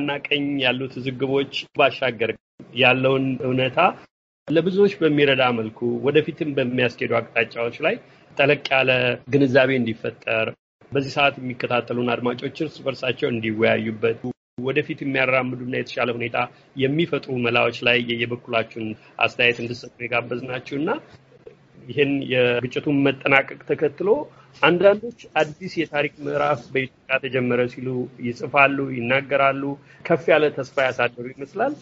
ግራና ቀኝ ያሉት ዝግቦች ባሻገር ያለውን እውነታ ለብዙዎች በሚረዳ መልኩ ወደፊትም በሚያስኬዱ አቅጣጫዎች ላይ ጠለቅ ያለ ግንዛቤ እንዲፈጠር በዚህ ሰዓት የሚከታተሉን አድማጮች እርስ በርሳቸው እንዲወያዩበት ወደፊት የሚያራምዱና የተሻለ ሁኔታ የሚፈጥሩ መላዎች ላይ የየበኩላችሁን አስተያየት እንድሰጡ የጋበዝናችሁ እና ይህን የግጭቱን መጠናቀቅ ተከትሎ አንዳንዶች አዲስ የታሪክ ምዕራፍ በኢትዮጵያ ተጀመረ ሲሉ ይጽፋሉ፣ ይናገራሉ። ከፍ ያለ ተስፋ ያሳደሩ ይመስላል።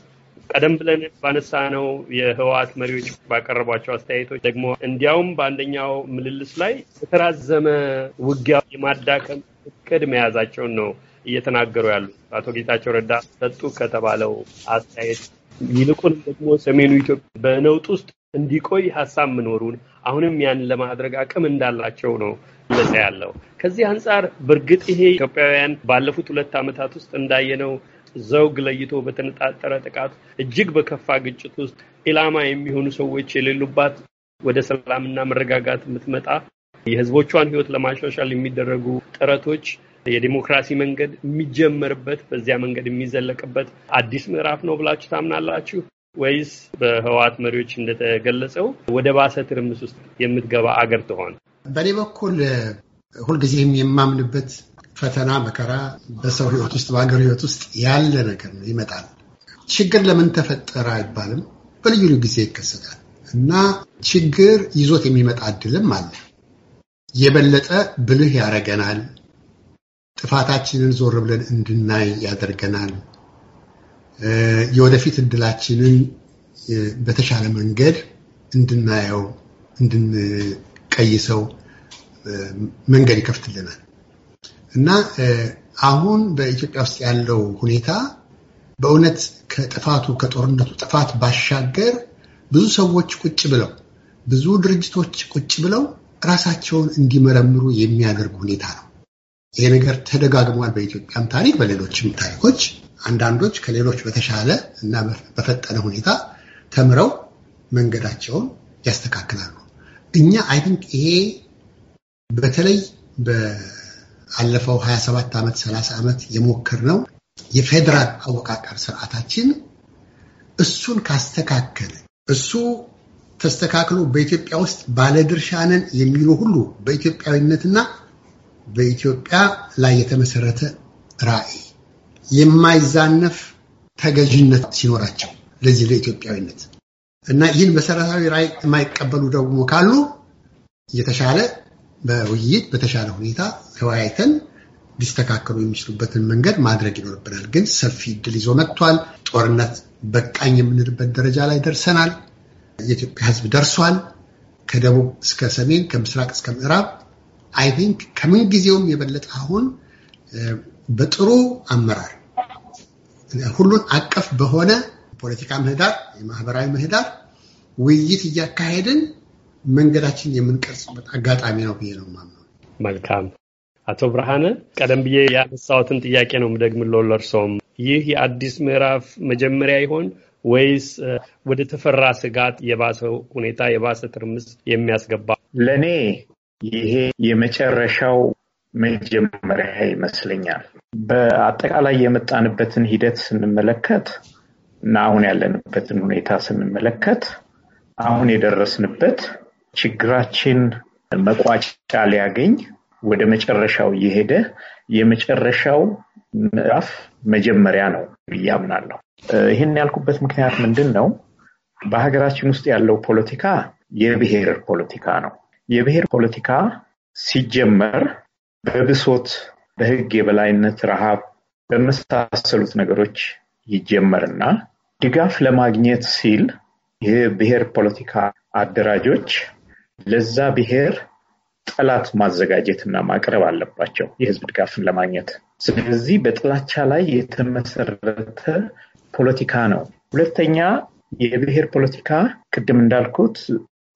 ቀደም ብለን ባነሳ ነው የህወሓት መሪዎች ባቀረቧቸው አስተያየቶች ደግሞ እንዲያውም በአንደኛው ምልልስ ላይ የተራዘመ ውጊያ የማዳከም እቅድ መያዛቸውን ነው እየተናገሩ ያሉ አቶ ጌታቸው ረዳ ሰጡ ከተባለው አስተያየት ይልቁን ደግሞ ሰሜኑ ኢትዮጵያ በነውጥ ውስጥ እንዲቆይ ሀሳብ መኖሩን አሁንም ያን ለማድረግ አቅም እንዳላቸው ነው መጽ ያለው። ከዚህ አንጻር በእርግጥ ይሄ ኢትዮጵያውያን ባለፉት ሁለት ዓመታት ውስጥ እንዳየነው ዘውግ ለይቶ በተነጣጠረ ጥቃት እጅግ በከፋ ግጭት ውስጥ ኢላማ የሚሆኑ ሰዎች የሌሉባት ወደ ሰላምና መረጋጋት የምትመጣ የህዝቦቿን ህይወት ለማሻሻል የሚደረጉ ጥረቶች የዲሞክራሲ መንገድ የሚጀመርበት በዚያ መንገድ የሚዘለቅበት አዲስ ምዕራፍ ነው ብላችሁ ታምናላችሁ? ወይስ በህወሓት መሪዎች እንደተገለጸው ወደ ባሰ ትርምስ ውስጥ የምትገባ አገር ትሆን? በእኔ በኩል ሁልጊዜም የማምንበት ፈተና፣ መከራ በሰው ህይወት ውስጥ በሀገር ህይወት ውስጥ ያለ ነገር ነው። ይመጣል። ችግር ለምን ተፈጠረ አይባልም። በልዩ ልዩ ጊዜ ይከሰታል እና ችግር ይዞት የሚመጣ እድልም አለ። የበለጠ ብልህ ያደርገናል። ጥፋታችንን ዞር ብለን እንድናይ ያደርገናል። የወደፊት እድላችንን በተሻለ መንገድ እንድናየው እንድንቀይሰው መንገድ ይከፍትልናል እና አሁን በኢትዮጵያ ውስጥ ያለው ሁኔታ በእውነት ከጥፋቱ ከጦርነቱ ጥፋት ባሻገር ብዙ ሰዎች ቁጭ ብለው ብዙ ድርጅቶች ቁጭ ብለው ራሳቸውን እንዲመረምሩ የሚያደርግ ሁኔታ ነው። ይሄ ነገር ተደጋግሟል። በኢትዮጵያም ታሪክ በሌሎችም ታሪኮች አንዳንዶች ከሌሎች በተሻለ እና በፈጠነ ሁኔታ ተምረው መንገዳቸውን ያስተካክላሉ። እኛ አይ ቲንክ ይሄ በተለይ በአለፈው 27 ዓመት 30 ዓመት ነው የፌዴራል አወቃቀር ስርዓታችን እሱን ካስተካከለ እሱ ተስተካክሎ በኢትዮጵያ ውስጥ ባለድርሻ ነን የሚሉ ሁሉ በኢትዮጵያዊነትና በኢትዮጵያ ላይ የተመሰረተ ራዕይ የማይዛነፍ ተገዥነት ሲኖራቸው ለዚህ ለኢትዮጵያዊነት እና ይህን መሰረታዊ ራይ የማይቀበሉ ደግሞ ካሉ የተሻለ በውይይት በተሻለ ሁኔታ ተወያይተን ሊስተካከሉ የሚችሉበትን መንገድ ማድረግ ይኖርብናል። ግን ሰፊ እድል ይዞ መጥቷል። ጦርነት በቃኝ የምንልበት ደረጃ ላይ ደርሰናል። የኢትዮጵያ ሕዝብ ደርሷል። ከደቡብ እስከ ሰሜን፣ ከምስራቅ እስከ ምዕራብ አይ ቲንክ ከምንጊዜውም የበለጠ አሁን በጥሩ አመራር ሁሉን አቀፍ በሆነ ፖለቲካ ምህዳር፣ የማህበራዊ ምህዳር ውይይት እያካሄድን መንገዳችን የምንቀርጽበት አጋጣሚ ነው ብዬ ነው የማምነው። መልካም አቶ ብርሃነ፣ ቀደም ብዬ ያነሳሁትን ጥያቄ ነው የምደግምለው ለእርሶም። ይህ የአዲስ ምዕራፍ መጀመሪያ ይሆን ወይስ ወደ ተፈራ ስጋት የባሰ ሁኔታ የባሰ ትርምስ የሚያስገባ? ለእኔ ይሄ የመጨረሻው መጀመሪያ ይመስለኛል። በአጠቃላይ የመጣንበትን ሂደት ስንመለከት እና አሁን ያለንበትን ሁኔታ ስንመለከት አሁን የደረስንበት ችግራችን መቋጫ ሊያገኝ ወደ መጨረሻው እየሄደ የመጨረሻው ምዕራፍ መጀመሪያ ነው ብዬ አምናለሁ። ይህን ያልኩበት ምክንያት ምንድን ነው? በሀገራችን ውስጥ ያለው ፖለቲካ የብሔር ፖለቲካ ነው። የብሔር ፖለቲካ ሲጀመር በብሶት፣ በህግ የበላይነት፣ ረሃብ በመሳሰሉት ነገሮች ይጀመርና ድጋፍ ለማግኘት ሲል የብሔር ፖለቲካ አደራጆች ለዛ ብሔር ጠላት ማዘጋጀትና ማቅረብ አለባቸው የህዝብ ድጋፍን ለማግኘት። ስለዚህ በጥላቻ ላይ የተመሰረተ ፖለቲካ ነው። ሁለተኛ የብሔር ፖለቲካ ቅድም እንዳልኩት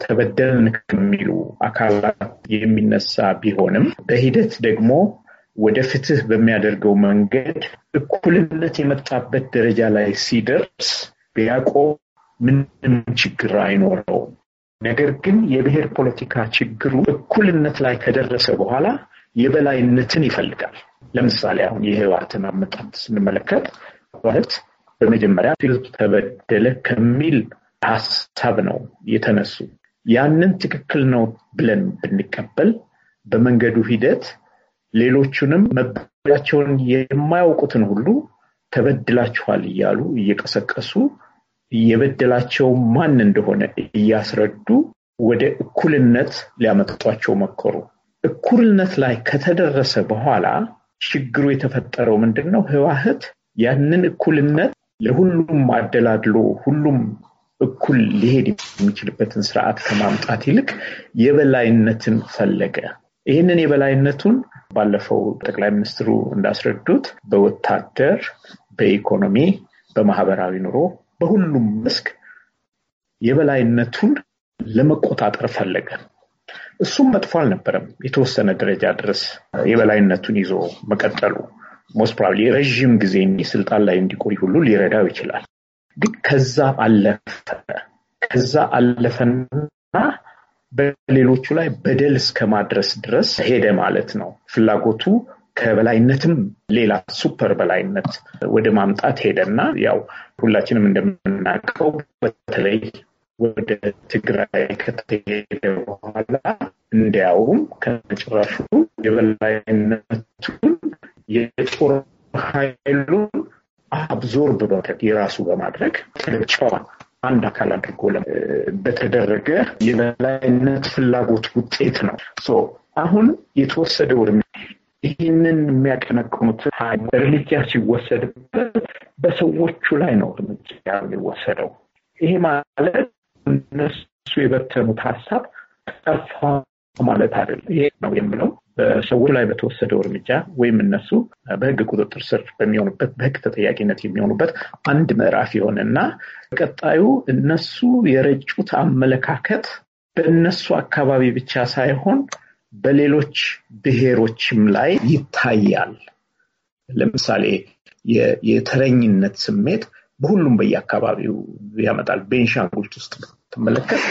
ተበደልን ከሚሉ አካላት የሚነሳ ቢሆንም በሂደት ደግሞ ወደ ፍትህ በሚያደርገው መንገድ እኩልነት የመጣበት ደረጃ ላይ ሲደርስ ቢያቆም ምንም ችግር አይኖረውም። ነገር ግን የብሔር ፖለቲካ ችግሩ እኩልነት ላይ ከደረሰ በኋላ የበላይነትን ይፈልጋል። ለምሳሌ አሁን የህወሓትን አመጣት ስንመለከት ማለት በመጀመሪያ ህዝብ ተበደለ ከሚል ሀሳብ ነው የተነሱት። ያንን ትክክል ነው ብለን ብንቀበል በመንገዱ ሂደት ሌሎቹንም መበዳቸውን የማያውቁትን ሁሉ ተበድላችኋል እያሉ እየቀሰቀሱ የበደላቸው ማን እንደሆነ እያስረዱ ወደ እኩልነት ሊያመጧቸው መከሩ። እኩልነት ላይ ከተደረሰ በኋላ ችግሩ የተፈጠረው ምንድን ነው? ህዋህት ያንን እኩልነት ለሁሉም አደላድሎ ሁሉም እኩል ሊሄድ የሚችልበትን ስርዓት ከማምጣት ይልቅ የበላይነትን ፈለገ። ይህንን የበላይነቱን ባለፈው ጠቅላይ ሚኒስትሩ እንዳስረዱት በወታደር፣ በኢኮኖሚ፣ በማህበራዊ ኑሮ፣ በሁሉም መስክ የበላይነቱን ለመቆጣጠር ፈለገ። እሱም መጥፎ አልነበረም። የተወሰነ ደረጃ ድረስ የበላይነቱን ይዞ መቀጠሉ ሞስት ፕሮባብሊ ረዥም ጊዜ ስልጣን ላይ እንዲቆይ ሁሉ ሊረዳው ይችላል። ግን ከዛ አለፈ ከዛ አለፈና በሌሎቹ ላይ በደል እስከ ማድረስ ድረስ ሄደ ማለት ነው። ፍላጎቱ ከበላይነትም ሌላ ሱፐር በላይነት ወደ ማምጣት ሄደና ያው ሁላችንም እንደምናውቀው በተለይ ወደ ትግራይ ከተሄደ በኋላ እንዲያውም ከጭራሹ የበላይነቱን የጦር ኃይሉን አብዞርብ በማድረግ የራሱ በማድረግ ጨዋ አንድ አካል አድርጎ በተደረገ የበላይነት ፍላጎት ውጤት ነው። አሁን የተወሰደው እርምጃ ይህንን የሚያቀነቅኑት እርምጃ ሲወሰድበት በሰዎቹ ላይ ነው እርምጃ የሚወሰደው። ይሄ ማለት እነሱ የበተኑት ሀሳብ ጠፋ ማለት አይደለም። ይሄ ነው የምለው በሰዎች ላይ በተወሰደው እርምጃ ወይም እነሱ በህግ ቁጥጥር ስር በሚሆኑበት በህግ ተጠያቂነት የሚሆኑበት አንድ ምዕራፍ የሆነ እና በቀጣዩ እነሱ የረጩት አመለካከት በእነሱ አካባቢ ብቻ ሳይሆን በሌሎች ብሔሮችም ላይ ይታያል። ለምሳሌ የተረኝነት ስሜት በሁሉም በየአካባቢው ያመጣል። ቤንሻንጉል ውስጥ ብትመለከት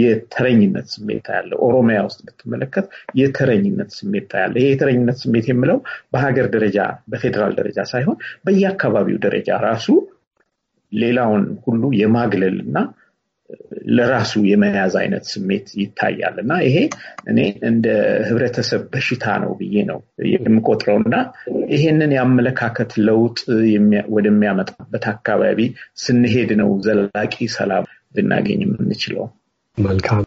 የተረኝነት ስሜት ያለ ኦሮሚያ ውስጥ ብትመለከት የተረኝነት ስሜት ያለ ይሄ የተረኝነት ስሜት የምለው በሀገር ደረጃ በፌዴራል ደረጃ ሳይሆን በየአካባቢው ደረጃ ራሱ ሌላውን ሁሉ የማግለል እና ለራሱ የመያዝ አይነት ስሜት ይታያል እና ይሄ እኔ እንደ ህብረተሰብ በሽታ ነው ብዬ ነው የምቆጥረው እና ይሄንን የአመለካከት ለውጥ ወደሚያመጣበት አካባቢ ስንሄድ ነው ዘላቂ ሰላም ልናገኝ የምንችለው። መልካም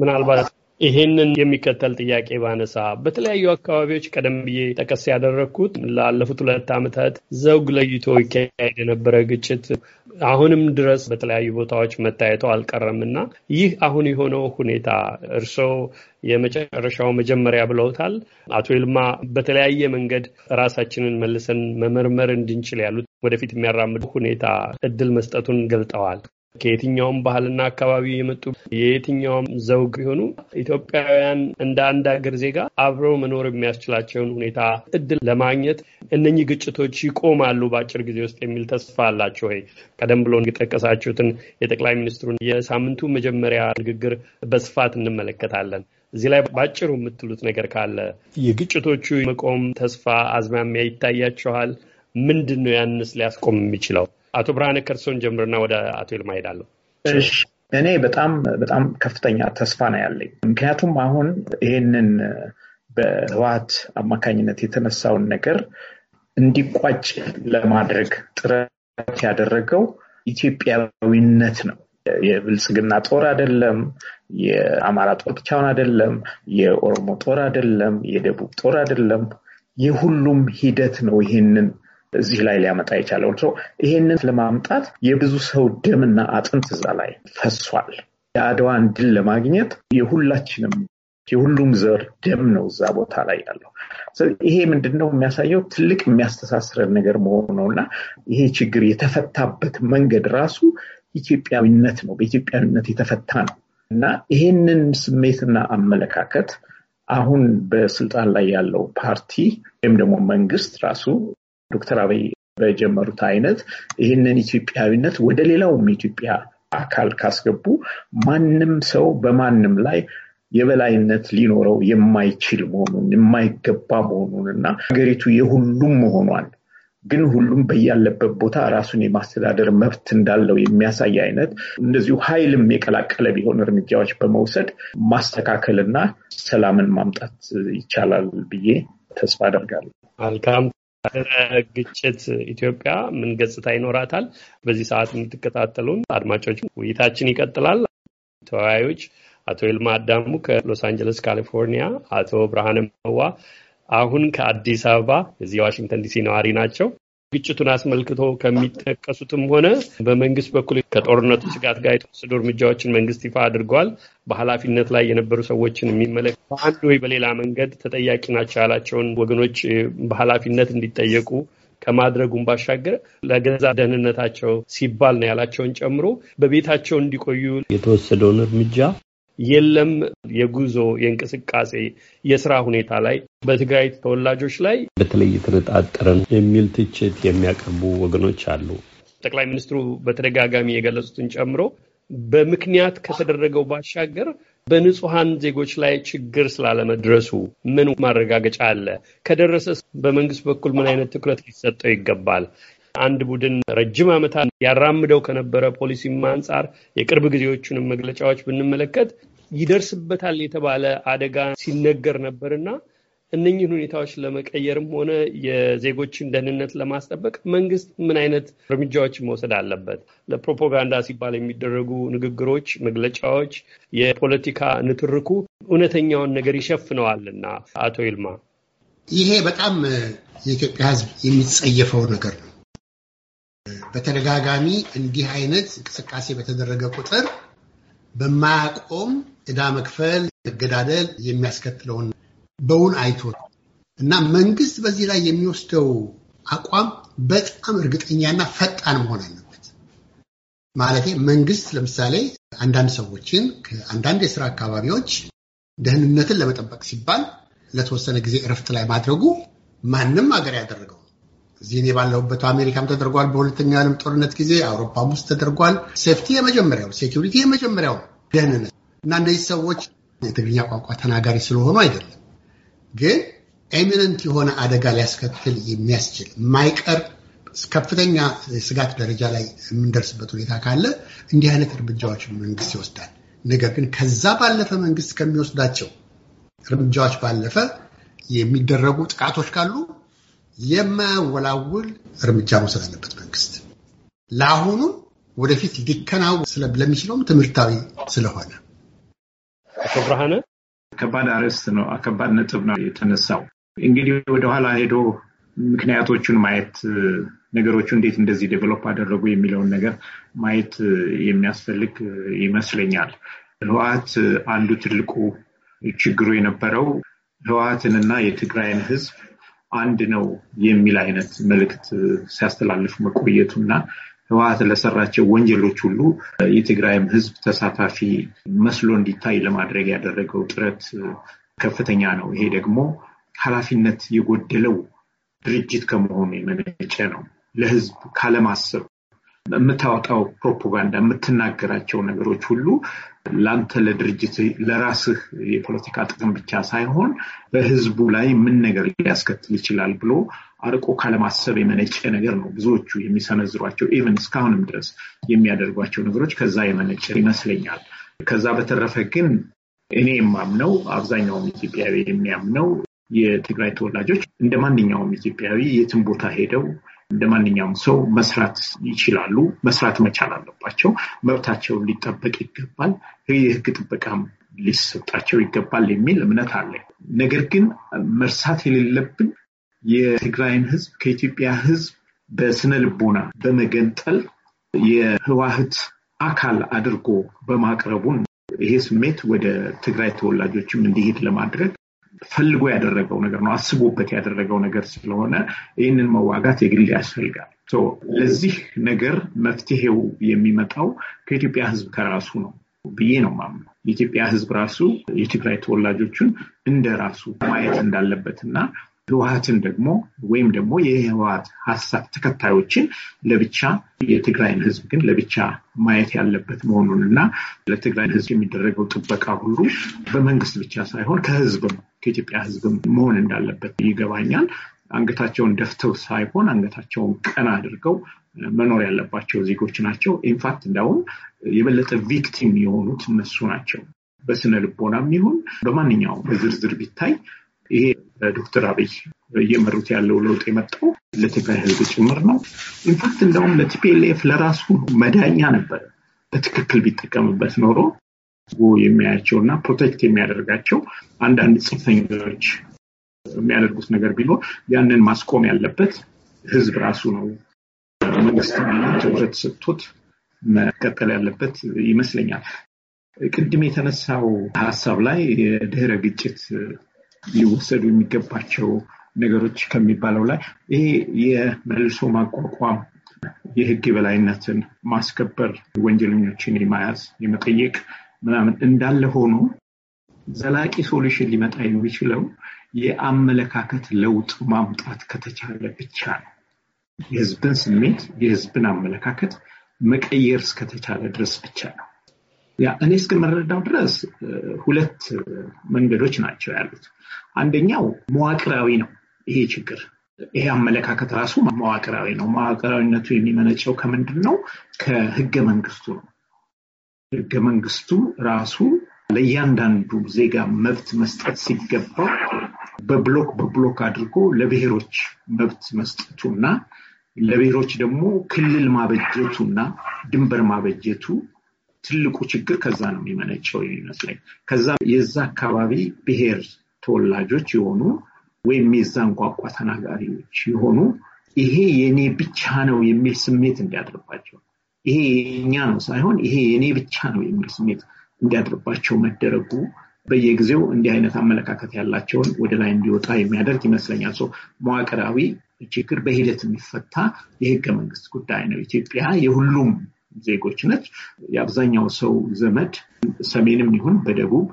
ምናልባት ይሄንን የሚከተል ጥያቄ ባነሳ በተለያዩ አካባቢዎች ቀደም ብዬ ጠቀስ ያደረግኩት ላለፉት ሁለት ዓመታት ዘውግ ለይቶ ይካሄድ የነበረ ግጭት አሁንም ድረስ በተለያዩ ቦታዎች መታየቱ አልቀረም እና ይህ አሁን የሆነው ሁኔታ እርስዎ የመጨረሻው መጀመሪያ ብለውታል። አቶ ይልማ በተለያየ መንገድ ራሳችንን መልሰን መመርመር እንድንችል ያሉት ወደፊት የሚያራምዱ ሁኔታ እድል መስጠቱን ገልጠዋል። ከየትኛውም ባህልና አካባቢ የመጡ የየትኛውም ዘውግ ቢሆኑ ኢትዮጵያውያን እንደ አንድ ሀገር ዜጋ አብረው መኖር የሚያስችላቸውን ሁኔታ እድል ለማግኘት እነኚህ ግጭቶች ይቆማሉ በአጭር ጊዜ ውስጥ የሚል ተስፋ አላቸው ወይ? ቀደም ብሎ የጠቀሳችሁትን የጠቅላይ ሚኒስትሩን የሳምንቱ መጀመሪያ ንግግር በስፋት እንመለከታለን። እዚህ ላይ በአጭሩ የምትሉት ነገር ካለ የግጭቶቹ መቆም ተስፋ አዝማሚያ ይታያችኋል? ምንድን ነው ያንስ ሊያስቆም የሚችለው? አቶ ብርሃነ ከርሶን ጀምርና ወደ አቶ ይልማ ሄዳለሁ። እኔ በጣም በጣም ከፍተኛ ተስፋ ነው ያለኝ። ምክንያቱም አሁን ይሄንን በህወሓት አማካኝነት የተነሳውን ነገር እንዲቋጭ ለማድረግ ጥረት ያደረገው ኢትዮጵያዊነት ነው። የብልጽግና ጦር አይደለም። የአማራ ጦር ብቻውን አይደለም። የኦሮሞ ጦር አይደለም። የደቡብ ጦር አይደለም። የሁሉም ሂደት ነው ይህንን እዚህ ላይ ሊያመጣ የቻለውን ሰው ይሄንን ለማምጣት የብዙ ሰው ደምና አጥንት እዛ ላይ ፈሷል። የአድዋን ድል ለማግኘት የሁላችንም የሁሉም ዘር ደም ነው እዛ ቦታ ላይ ያለው። ይሄ ምንድን ነው የሚያሳየው? ትልቅ የሚያስተሳስረን ነገር መሆኑ ነው እና ይሄ ችግር የተፈታበት መንገድ ራሱ ኢትዮጵያዊነት ነው፣ በኢትዮጵያዊነት የተፈታ ነው እና ይሄንን ስሜትና አመለካከት አሁን በስልጣን ላይ ያለው ፓርቲ ወይም ደግሞ መንግስት ራሱ ዶክተር አብይ በጀመሩት አይነት ይህንን ኢትዮጵያዊነት ወደ ሌላውም ኢትዮጵያ አካል ካስገቡ ማንም ሰው በማንም ላይ የበላይነት ሊኖረው የማይችል መሆኑን የማይገባ መሆኑን እና ሀገሪቱ የሁሉም መሆኗን ግን ሁሉም በያለበት ቦታ ራሱን የማስተዳደር መብት እንዳለው የሚያሳይ አይነት እንደዚሁ ኃይልም የቀላቀለ ቢሆን እርምጃዎች በመውሰድ ማስተካከልና ሰላምን ማምጣት ይቻላል ብዬ ተስፋ አደርጋለሁ። መልካም ግጭት ኢትዮጵያ ምን ገጽታ ይኖራታል? በዚህ ሰዓት የምትከታተሉን አድማጮች ውይይታችን ይቀጥላል። ተወያዮች አቶ ይልማ አዳሙ ከሎስ አንጀለስ ካሊፎርኒያ፣ አቶ ብርሃነ መዋ አሁን ከአዲስ አበባ እዚህ ዋሽንግተን ዲሲ ነዋሪ ናቸው። ግጭቱን አስመልክቶ ከሚጠቀሱትም ሆነ በመንግስት በኩል ከጦርነቱ ስጋት ጋር የተወሰዱ እርምጃዎችን መንግስት ይፋ አድርጓል። በኃላፊነት ላይ የነበሩ ሰዎችን የሚመለክ በአንድ ወይ በሌላ መንገድ ተጠያቂ ናቸው ያላቸውን ወገኖች በኃላፊነት እንዲጠየቁ ከማድረጉን ባሻገር ለገዛ ደህንነታቸው ሲባል ነው ያላቸውን ጨምሮ በቤታቸው እንዲቆዩ የተወሰደውን እርምጃ የለም የጉዞ የእንቅስቃሴ የስራ ሁኔታ ላይ በትግራይ ተወላጆች ላይ በተለይ የተነጣጠረን የሚል ትችት የሚያቀርቡ ወገኖች አሉ። ጠቅላይ ሚኒስትሩ በተደጋጋሚ የገለጹትን ጨምሮ በምክንያት ከተደረገው ባሻገር በንጹሐን ዜጎች ላይ ችግር ስላለመድረሱ ምን ማረጋገጫ አለ? ከደረሰ በመንግስት በኩል ምን አይነት ትኩረት ሊሰጠው ይገባል? አንድ ቡድን ረጅም ዓመታት ያራምደው ከነበረ ፖሊሲም አንጻር የቅርብ ጊዜዎቹንም መግለጫዎች ብንመለከት ይደርስበታል የተባለ አደጋ ሲነገር ነበርና እነኚህን ሁኔታዎች ለመቀየርም ሆነ የዜጎችን ደህንነት ለማስጠበቅ መንግስት ምን አይነት እርምጃዎች መውሰድ አለበት? ለፕሮፓጋንዳ ሲባል የሚደረጉ ንግግሮች፣ መግለጫዎች፣ የፖለቲካ ንትርኩ እውነተኛውን ነገር ይሸፍነዋልና አቶ ይልማ፣ ይሄ በጣም የኢትዮጵያ ሕዝብ የሚጸየፈው ነገር ነው። በተደጋጋሚ እንዲህ አይነት እንቅስቃሴ በተደረገ ቁጥር በማያቆም እዳ መክፈል፣ መገዳደል የሚያስከትለውን በውን አይቶ እና መንግስት በዚህ ላይ የሚወስደው አቋም በጣም እርግጠኛና ፈጣን መሆን አለበት። ማለት መንግስት ለምሳሌ አንዳንድ ሰዎችን ከአንዳንድ የስራ አካባቢዎች ደህንነትን ለመጠበቅ ሲባል ለተወሰነ ጊዜ እረፍት ላይ ማድረጉ ማንም ሀገር ያደረገው እዚህ እኔ ባለሁበት አሜሪካም ተደርጓል። በሁለተኛው ዓለም ጦርነት ጊዜ አውሮፓም ውስጥ ተደርጓል። ሴፍቲ የመጀመሪያው፣ ሴኪሪቲ የመጀመሪያው ደህንነት እና እነዚህ ሰዎች የትግርኛ ቋንቋ ተናጋሪ ስለሆኑ አይደለም፣ ግን ኤሚነንት የሆነ አደጋ ሊያስከትል የሚያስችል የማይቀር ከፍተኛ ስጋት ደረጃ ላይ የምንደርስበት ሁኔታ ካለ እንዲህ አይነት እርምጃዎች መንግስት ይወስዳል። ነገር ግን ከዛ ባለፈ መንግስት ከሚወስዳቸው እርምጃዎች ባለፈ የሚደረጉ ጥቃቶች ካሉ የማያወላውል እርምጃ መውሰድ አለበት መንግስት ለአሁኑ ወደፊት ሊከናወን ስለሚችለውም ትምህርታዊ ስለሆነ። አቶ ብርሃነ፣ ከባድ አርዕስት ነው፣ ከባድ ነጥብ ነው የተነሳው። እንግዲህ ወደኋላ ሄዶ ምክንያቶቹን ማየት ነገሮቹ እንዴት እንደዚህ ዴቨሎፕ አደረጉ የሚለውን ነገር ማየት የሚያስፈልግ ይመስለኛል። ህወሀት አንዱ ትልቁ ችግሩ የነበረው ህወሀትንና የትግራይን ህዝብ አንድ ነው የሚል አይነት መልእክት ሲያስተላልፉ መቆየቱ እና ህወሀት ለሰራቸው ወንጀሎች ሁሉ የትግራይም ህዝብ ተሳታፊ መስሎ እንዲታይ ለማድረግ ያደረገው ጥረት ከፍተኛ ነው። ይሄ ደግሞ ኃላፊነት የጎደለው ድርጅት ከመሆኑ የመነጨ ነው። ለህዝብ ካለማሰብ የምታወጣው ፕሮፓጋንዳ፣ የምትናገራቸው ነገሮች ሁሉ ለአንተ ለድርጅት ለራስህ የፖለቲካ ጥቅም ብቻ ሳይሆን በህዝቡ ላይ ምን ነገር ሊያስከትል ይችላል ብሎ አርቆ ካለማሰብ የመነጨ ነገር ነው። ብዙዎቹ የሚሰነዝሯቸው ኢቨን እስካሁንም ድረስ የሚያደርጓቸው ነገሮች ከዛ የመነጨ ይመስለኛል። ከዛ በተረፈ ግን እኔ የማምነው አብዛኛውም ኢትዮጵያዊ የሚያምነው የትግራይ ተወላጆች እንደ ማንኛውም ኢትዮጵያዊ የትም ቦታ ሄደው እንደ ማንኛውም ሰው መስራት ይችላሉ። መስራት መቻል አለባቸው። መብታቸውን ሊጠበቅ ይገባል። የህግ ጥበቃም ሊሰጣቸው ይገባል የሚል እምነት አለ። ነገር ግን መርሳት የሌለብን የትግራይን ህዝብ ከኢትዮጵያ ህዝብ በስነ ልቦና በመገንጠል የህዋህት አካል አድርጎ በማቅረቡን ይሄ ስሜት ወደ ትግራይ ተወላጆችም እንዲሄድ ለማድረግ ፈልጎ ያደረገው ነገር ነው፣ አስቦበት ያደረገው ነገር ስለሆነ ይህንን መዋጋት የግል ያስፈልጋል። ለዚህ ነገር መፍትሄው የሚመጣው ከኢትዮጵያ ሕዝብ ከራሱ ነው ብዬ ነው ማምነው። የኢትዮጵያ ሕዝብ ራሱ የትግራይ ተወላጆቹን እንደ ራሱ ማየት እንዳለበት እና ህወሀትን ደግሞ ወይም ደግሞ የህወሀት ሀሳብ ተከታዮችን ለብቻ የትግራይን ህዝብ ግን ለብቻ ማየት ያለበት መሆኑን እና ለትግራይን ህዝብ የሚደረገው ጥበቃ ሁሉ በመንግስት ብቻ ሳይሆን ከህዝብ ነው ከኢትዮጵያ ሕዝብም መሆን እንዳለበት ይገባኛል። አንገታቸውን ደፍተው ሳይሆን አንገታቸውን ቀና አድርገው መኖር ያለባቸው ዜጎች ናቸው። ኢንፋክት እንዳሁን የበለጠ ቪክቲም የሆኑት እነሱ ናቸው። በስነ ልቦናም ይሁን በማንኛውም በዝርዝር ቢታይ ይሄ ዶክተር አብይ እየመሩት ያለው ለውጥ የመጣው ለትግራይ ህዝብ ጭምር ነው። ኢንፋክት እንደውም ለቲፒኤልኤፍ ለራሱ መዳኛ ነበረ። በትክክል ቢጠቀምበት ኖሮ የሚያያቸው እና ፕሮቴክት የሚያደርጋቸው አንዳንድ ጽንፈኞች የሚያደርጉት ነገር ቢኖር ያንን ማስቆም ያለበት ህዝብ ራሱ ነው። መንግስት ትኩረት ሰጥቶት መቀጠል ያለበት ይመስለኛል። ቅድም የተነሳው ሀሳብ ላይ የድህረ ግጭት ሊወሰዱ የሚገባቸው ነገሮች ከሚባለው ላይ ይሄ የመልሶ ማቋቋም የህግ የበላይነትን ማስከበር፣ ወንጀለኞችን የማያዝ የመጠየቅ ምናምን እንዳለ ሆኖ ዘላቂ ሶሉሽን ሊመጣ የሚችለው የአመለካከት ለውጥ ማምጣት ከተቻለ ብቻ ነው። የህዝብን ስሜት የህዝብን አመለካከት መቀየር እስከተቻለ ድረስ ብቻ ነው። ያ እኔ እስከምረዳው ድረስ ሁለት መንገዶች ናቸው ያሉት። አንደኛው መዋቅራዊ ነው ይሄ ችግር። ይሄ አመለካከት ራሱ መዋቅራዊ ነው። መዋቅራዊነቱ የሚመነጨው ከምንድን ነው? ከህገ መንግስቱ ነው። ህገ መንግስቱ ራሱ ለእያንዳንዱ ዜጋ መብት መስጠት ሲገባው በብሎክ በብሎክ አድርጎ ለብሔሮች መብት መስጠቱ እና ለብሔሮች ደግሞ ክልል ማበጀቱ እና ድንበር ማበጀቱ ትልቁ ችግር ከዛ ነው የሚመነጨው ይመስለኝ። ከዛ የዛ አካባቢ ብሔር ተወላጆች የሆኑ ወይም የዛን ቋንቋ ተናጋሪዎች የሆኑ ይሄ የእኔ ብቻ ነው የሚል ስሜት እንዲያድርባቸው ይሄ የኛ ነው ሳይሆን ይሄ የእኔ ብቻ ነው የሚል ስሜት እንዲያድርባቸው መደረጉ በየጊዜው እንዲህ አይነት አመለካከት ያላቸውን ወደ ላይ እንዲወጣ የሚያደርግ ይመስለኛል። ሰው መዋቅራዊ ችግር በሂደት የሚፈታ የህገ መንግስት ጉዳይ ነው። ኢትዮጵያ የሁሉም ዜጎች ነች። የአብዛኛው ሰው ዘመድ ሰሜንም ይሁን በደቡብ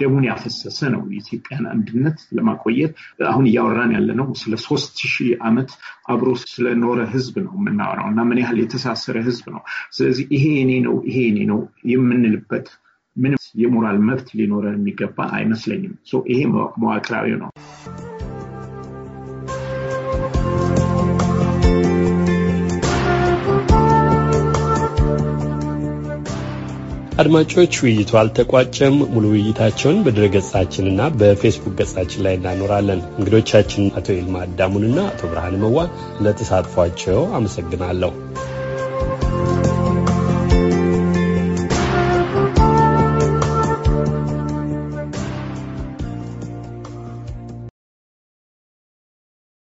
ደሙን ያፈሰሰ ነው። የኢትዮጵያን አንድነት ለማቆየት አሁን እያወራን ያለነው ስለ ሶስት ሺህ ዓመት አብሮ ስለኖረ ህዝብ ነው የምናወራው እና ምን ያህል የተሳሰረ ህዝብ ነው። ስለዚህ ይሄ የኔ ነው ይሄ የኔ ነው የምንልበት ምንም የሞራል መብት ሊኖረን የሚገባ አይመስለኝም። ይሄ መዋቅራዊ ነው። አድማጮች ውይይቱ አልተቋጨም። ሙሉ ውይይታቸውን በድረገጻችንና በፌስቡክ ገጻችን ላይ እናኖራለን። እንግዶቻችን አቶ ይልማ አዳሙንና አቶ ብርሃን መዋ ለተሳትፏቸው አመሰግናለሁ።